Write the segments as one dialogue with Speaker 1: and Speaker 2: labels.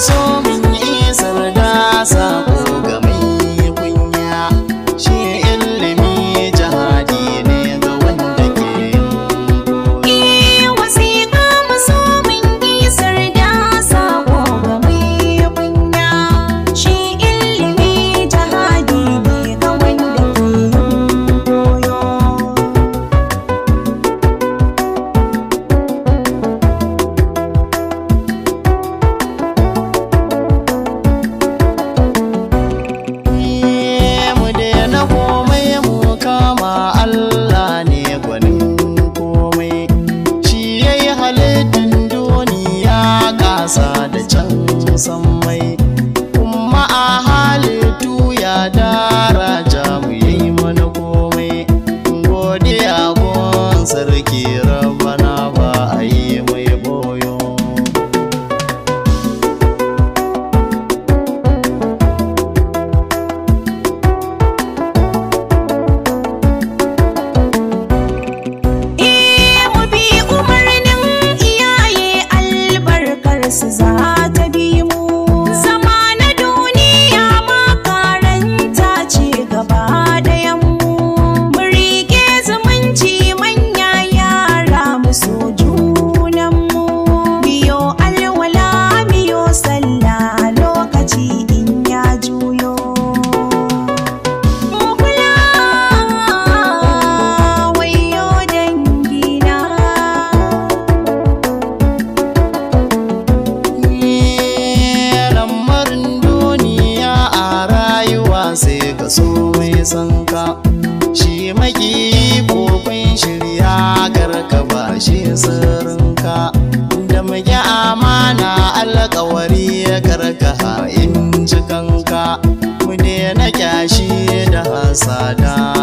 Speaker 1: so sa da can sammai kuma a halittu ya daraja mu yi mana komai godiya gon sarki shi sirrinka da muke amana alƙawari ya karka in cikanka mu na kyashi da hasada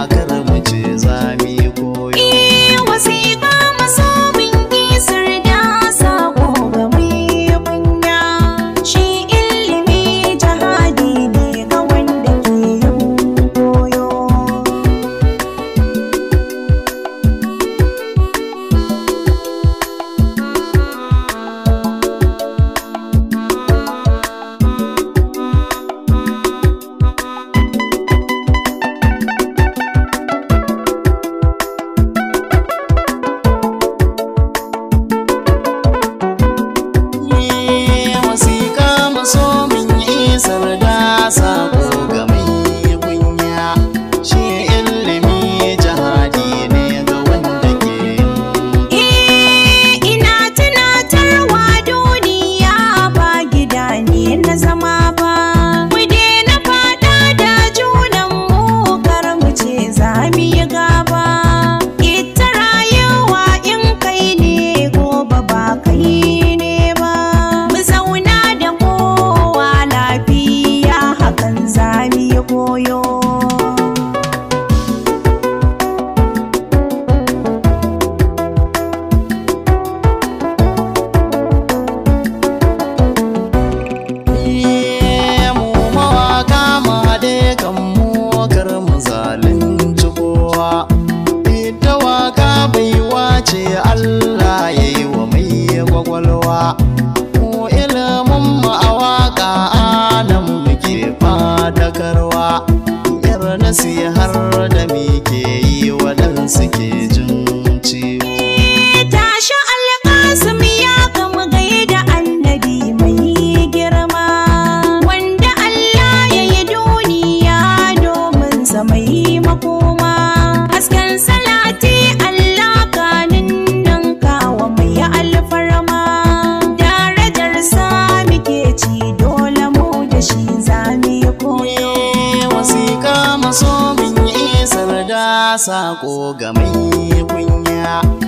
Speaker 1: waɗansu har da ke yi waɗansu ke jin ciwo. Tashi alƙasum
Speaker 2: ya gama gai da annabi mai girma, wanda Allah ya yi duniya domin mai makoma. Hasken salati Allah kanin nan kawa mai alfarma, darajar sa muke ci dole mu da shi.
Speaker 1: saƙo ga mai kunya